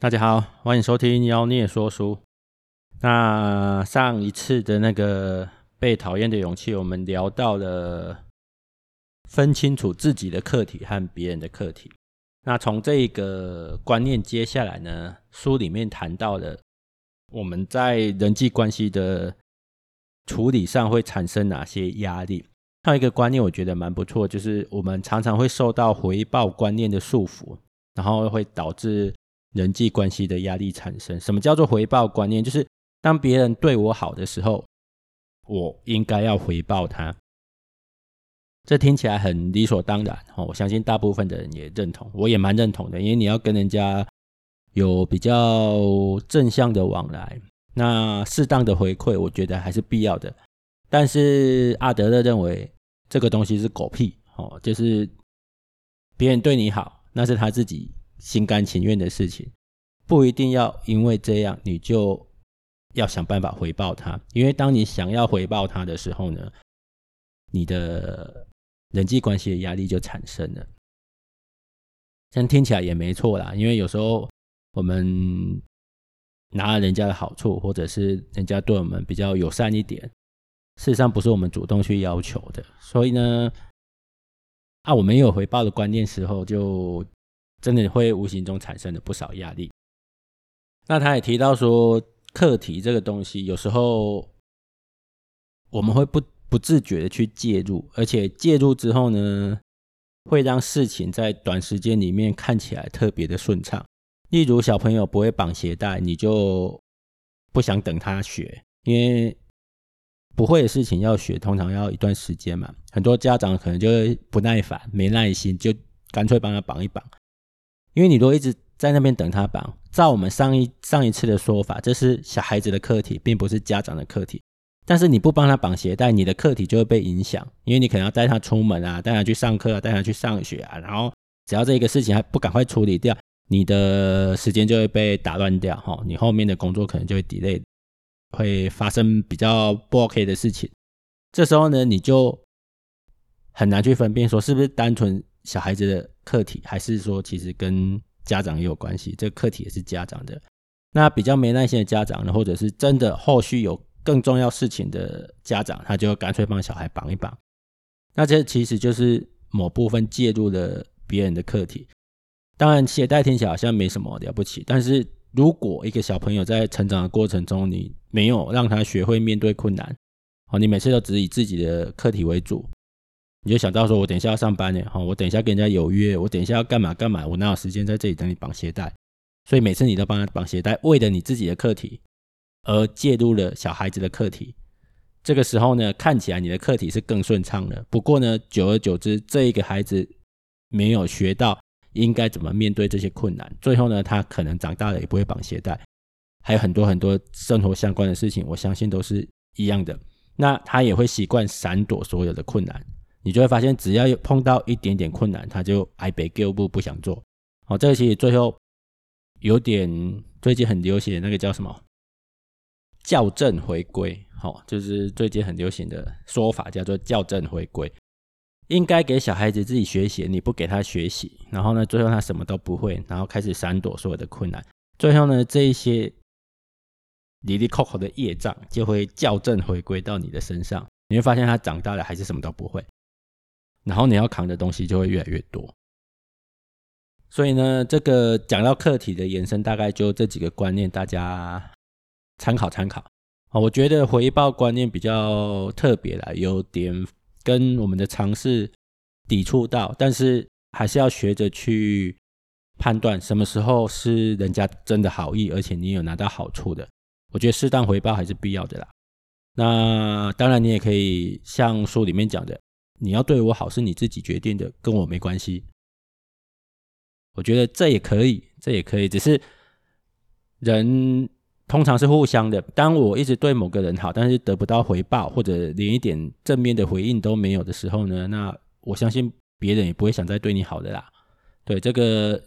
大家好，歡迎收聽妖孽說書。那上一次的那個被討厭的勇氣，我們聊到了分清楚自己的課題和別人的課題。那從這個觀念，接下來呢，書裡面談到了我們在人際關係的處理上會產生哪些壓力。還有一個觀念，我覺得蠻不錯，就是我們常常會受到回報觀念的束縛，然後會導致人際關係的壓力產生，什麼叫做回報觀念？就是當別人對我好的時候，我應該要回報他。這聽起來很理所當然哦，我相信大部分的人也認同，我也蠻認同的，因為你要跟人家有比較正向的往來，那適當的回饋，我覺得還是必要的。但是阿德勒認為這個東西是狗屁哦，就是別人對你好，那是他自己，心甘情願的事情，不一定要因為這樣你就要想辦法回報他。因為當你想要回報他的時候呢，你的人際關係的壓力就產生了。這樣聽起來也沒錯啦，因為有時候我們拿了人家的好處，或者是人家對我們比較友善一點，事實上不是我們主動去要求的。所以呢，啊，我們有回報的觀念時候就。真的會無形中產生了不少壓力。那他也提到說，課題這個東西，有時候我們會不不自覺的去介入，而且介入之後呢，會讓事情在短時間裡面看起來特別的順暢。例如小朋友不會綁鞋帶，你就不想等他學，因為不會的事情要學，通常要一段時間嘛。很多家長可能就不耐煩、沒耐心，就乾脆幫他綁一綁。因為你如果一直在那邊等他綁，照我們上一上一次的說法，這是小孩子的課題，並不是家長的課題。但是你不幫他綁鞋帶，你的課題就會被影響，因為你可能要帶他出門啊，帶他去上課啊，帶他去上學啊。然後只要這一個事情還不趕快處理掉，你的時間就會被打亂掉，哈，你後面的工作可能就會 delay，會發生比較不 OK 的事情。這時候呢，你就很難去分辨說是不是單純小孩子的課題還是說，其實跟家長也有關係，這個課題也是家長的。那比較沒耐心的家長呢，或者是真的後續有更重要事情的家長，他就乾脆幫小孩綁一綁。那這其實就是某部分介入了別人的課題。當然，鞋帶聽起來好像沒什麼了不起，但是如果一個小朋友在成長的過程中，你沒有讓他學會面對困難，哦，你每次都只是以自己的課題為主。你就想到說，我等一下要上班呢，哈，我等一下跟人家有約，我等一下要幹嘛幹嘛，我哪有時間在這裡等你綁鞋帶？所以每次你都幫他綁鞋帶，為了你自己的課題而介入了小孩子的課題。這個時候呢，看起來你的課題是更順暢了。不過呢，久而久之，這一個孩子沒有學到應該怎麼面對這些困難，最後呢，他可能長大了也不會綁鞋帶，還有很多很多生活相關的事情，我相信都是一樣的。那他也會習慣閃躲所有的困難。你就會發現，只要有碰到一點點困難，他就 I beg you 不不想做。哦，這個、其實最後有點最近很流行的那個叫什麼？校正回歸，好、哦，就是最近很流行的說法叫做校正回歸。應該給小孩子自己學習，你不給他學習，然後呢，最後他什麼都不會，然後開始閃躲所有的困難，最後呢，這一些離離扣扣的業障就會校正回歸到你的身上，你會發現他長大了還是什麼都不會。然後你要扛的東西就會越來越多，所以呢，這個講到課題的延伸，大概就這幾個觀念，大家參考參考啊。我覺得回報觀念比較特別啦，有點跟我們的常識抵觸到，但是還是要學着去判斷什麼時候是人家真的好意，而且你有拿到好處的。我覺得適當回報還是必要的啦。那當然，你也可以像書裡面講的。你要對我好是你自己決定的，跟我沒關係。我覺得這也可以，這也可以。只是人通常是互相的。當我一直對某個人好，但是得不到回報，或者連一點正面的回應都沒有的時候呢，那我相信別人也不會想再對你好的啦。對，這個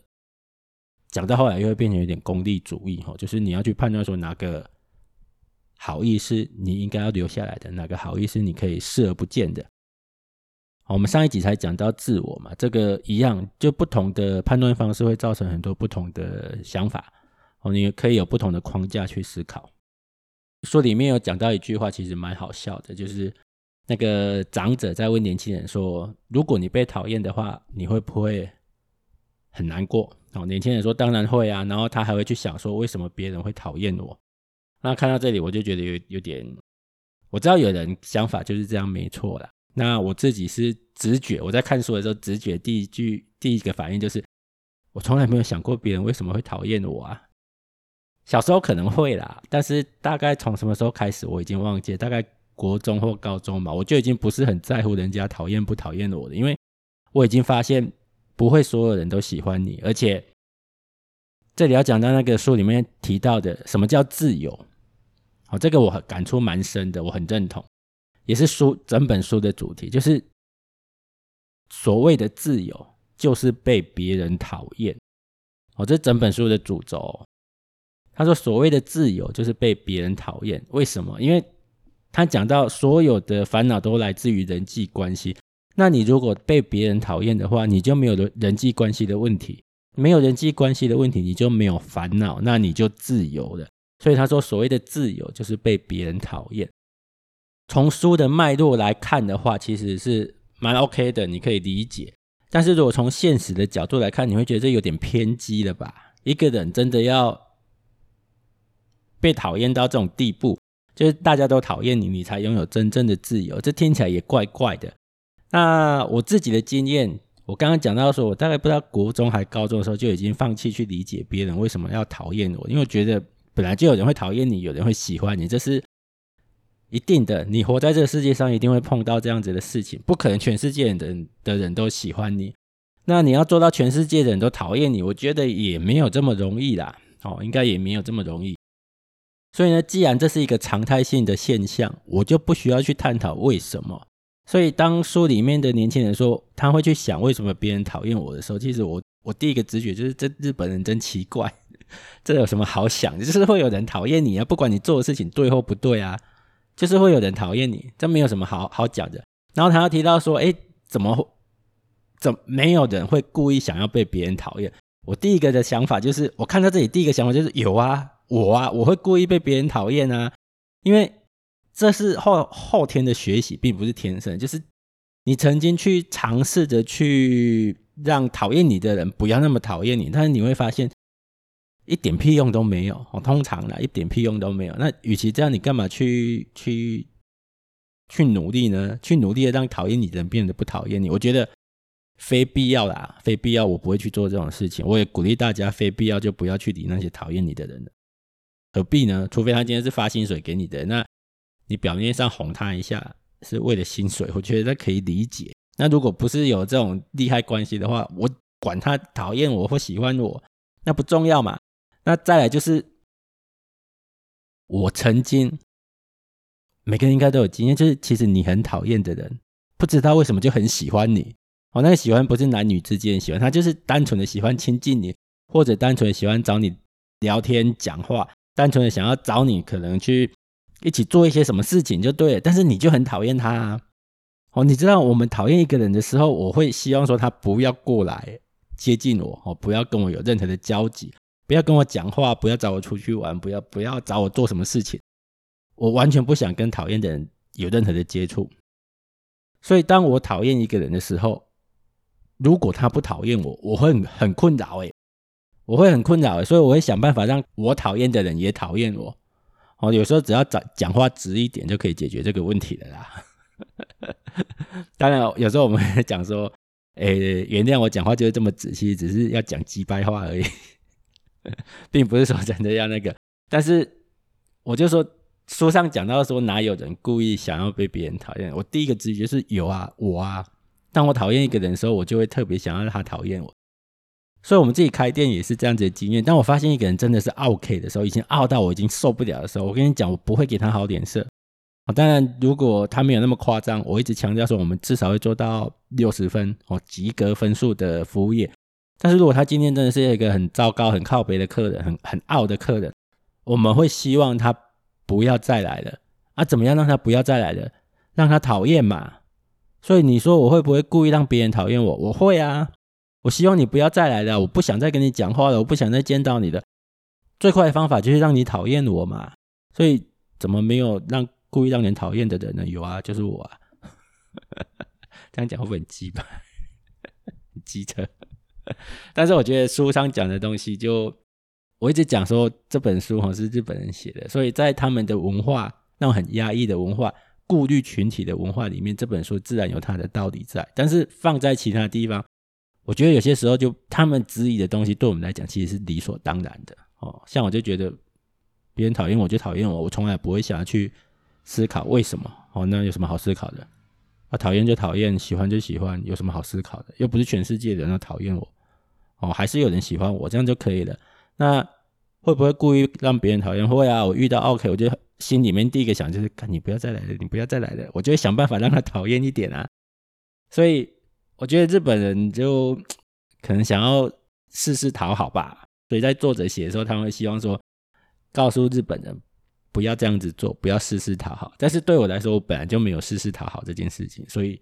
講到後來，又會變成有點功利主義哈，就是你要去判斷說哪個好意是你應該要留下來的，哪個好意是你可以視而不見的。我們上一集才講到自我嘛，這個一樣，就不同的判斷方式會造成很多不同的想法哦。你可以有不同的框架去思考。書裡面有講到一句話，其實蠻好笑的，就是那個長者在問年輕人說：“如果你被討厭的話，你會不會很難過？”哦，年輕人說：“當然會啊。”然後他還會去想說：“為什麼別人會討厭我？”那看到這裡，我就覺得有有點，我知道有人想法就是這樣，沒錯啦。那我自己是直覺，我在看書的時候，直覺第一句、第一個反應就是，我從來沒有想過別人為什麼會討厭我啊。小時候可能會啦，但是大概從什麼時候開始，我已經忘記，大概國中或高中嘛，我就已經不是很在乎人家討厭不討厭我的，因為我已經發現不會所有人都喜歡你。而且這裡要講到那個書裡面提到的什麼叫自由，好，這個我感觸蠻深的，我很認同。也是書整本書的主題，就是所謂的自由，就是被別人討厭。哦，這是整本書的主軸哦。他說，所謂的自由就是被別人討厭。為什麼？因為他講到所有的煩惱都來自於人際關係。那你如果被別人討厭的話，你就沒有了人際關係的問題，沒有人際關係的問題，你就沒有煩惱，那你就自由了。所以他說，所謂的自由就是被別人討厭。從書的脈絡來看的話，其實是蠻 OK 的，你可以理解。但是如果從現實的角度來看，你會覺得這有點偏激了吧？一個人真的要被討厭到這種地步，就是大家都討厭你，你才擁有真正的自由。這聽起來也怪怪的。那我自己的經驗，我剛剛講到說，我大概不知道國中還高中的時候就已經放棄去理解別人為什麼要討厭我，因為我覺得本來就有人會討厭你，有人會喜歡你，這是。一定的，你活在這個世界上，一定會碰到這樣子的事情，不可能全世界的人的人都喜歡你。那你要做到全世界的人都討厭你，我覺得也沒有這麼容易啦。哦，應該也沒有這麼容易。所以呢，既然這是一個常態性的現象，我就不需要去探討為什麼。所以，當書裡面的年輕人說他會去想為什麼別人討厭我的時候，其實我我第一個直覺就是這日本人真奇怪， 這有什麼好想？就是會有人討厭你啊，不管你做的事情對或不對啊。就是會有人討厭你，這沒有什麼好好講的。然後他又提到說，哎，怎麼怎麼沒有人會故意想要被別人討厭？我第一個的想法就是，我看到這裡第一個想法就是有啊，我啊，我會故意被別人討厭啊，因為這是後後天的學習，並不是天生。就是你曾經去嘗試着去讓討厭你的人不要那麼討厭你，但是你會發現。一點屁用都沒有，通常的一點屁用都沒有。那與其這樣，你幹嘛去去去努力呢？去努力的讓討厭你的人變得不討厭你。我覺得非必要啦，非必要，我不會去做這種事情。我也鼓勵大家，非必要就不要去理那些討厭你的人，何必呢？除非他今天是發薪水給你的，那你表面上哄他一下是為了薪水，我覺得他可以理解。那如果不是有這種利害關係的話，我管他討厭我或喜歡我，那不重要嘛。那再來就是，我曾經，每個人應該都有經驗，就是其實你很討厭的人，不知道為什麼就很喜歡你。哦，那個喜歡不是男女之間喜歡，他就是單純的喜歡親近你，或者單純的喜歡找你聊天講話，單純的想要找你可能去一起做一些什麼事情就對了，但是你就很討厭他啊！哦，你知道我們討厭一個人的時候，我會希望說他不要過來接近我，哦，不要跟我有任何的交集。不要跟我講話，不要找我出去玩，不要不要找我做什麼事情。我完全不想跟討厭的人有任何的接觸。所以，當我討厭一個人的時候，如果他不討厭我，我會很，很困擾哎，我會很困擾。所以我會想辦法讓我討厭的人也討厭我。哦，有時候只要講講話直一點就可以解決這個問題了啦。 當然，有時候我們講說，哎、欸，原諒我講話就是這麼直，其實只是要講直白話而已。並不是說真的要那個，但是我就說，書上講到說，哪有人故意想要被別人討厭？我第一個直覺是有啊，我啊，當我討厭一個人的時候，我就會特別想要讓他討厭我。所以我們自己開店也是這樣子的經驗。但我發現一個人真的是奧客的時候，已經奧到我已經受不了的時候，我跟你講，我不會給他好臉色。當然，如果他沒有那麼誇張，我一直強調說，我們至少會做到六十分哦，及格分數的服務業。但是如果他今天真的是一個很糟糕，很靠北的客人，很很傲的客人，我們會希望他不要再來了。啊，怎麼樣讓他不要再來了？讓他討厭嘛。所以你說我會不會故意讓別人討厭我？我會啊。我希望你不要再來了，我不想再跟你講話了，我不想再見到你了。最快的方法就是讓你討厭我嘛。所以怎麼沒有讓故意讓人討厭的人呢？有啊，就是我啊。 這樣講會不會很機掰？很機車？但是我覺得書上講的東西，就我一直講說，這本書哦是日本人寫的，所以在他們的文化那種很壓抑的文化、顧慮群體的文化裡面，這本書自然有它的道理在。但是放在其他地方，我覺得有些時候就他們質疑的東西，對我們來講其實是理所當然的。哦，像我就覺得別人討厭我，就討厭我，我從來不會想要去思考為什麼。哦，那有什麼好思考的？啊，討厭就討厭，喜歡就喜歡，有什麼好思考的？又不是全世界的人都、啊、討厭我，哦，還是有人喜歡我，這樣就可以了。那會不會故意讓別人討厭？會啊，我遇到 OK，我就心裡面第一個想就是，你不要再來了，你不要再來了，我就會想辦法讓他討厭一點啊。所以我覺得日本人就可能想要試試討好吧。所以在作者寫的時候，他們會希望說，告訴日本人。不要這樣子做，不要事事討好。但是對我來說，我本來就沒有事事討好這件事情，所以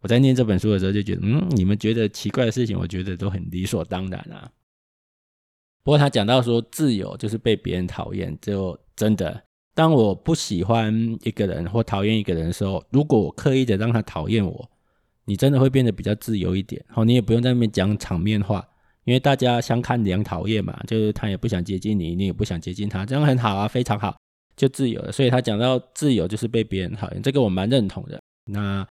我在念這本書的時候就覺得，嗯，你們覺得奇怪的事情，我覺得都很理所當然啊。不過他講到說，自由就是被別人討厭，就真的。當我不喜歡一個人或討厭一個人的時候，如果我刻意的讓他討厭我，你真的會變得比較自由一點，齁，你也不用在那邊講場面話。因為大家相看兩討厭嘛，就是他也不想接近你，你也不想接近他，這樣很好啊，非常好，就自由了。所以他講到自由就是被別人討厭，這個我蠻認同的。那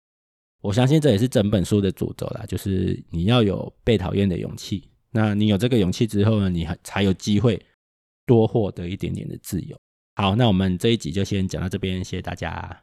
我相信這也是整本書的主軸啦，就是你要有被討厭的勇氣。那你有這個勇氣之後呢，你才才有機會多獲得一點點的自由。好，那我們這一集就先講到這邊，謝謝大家。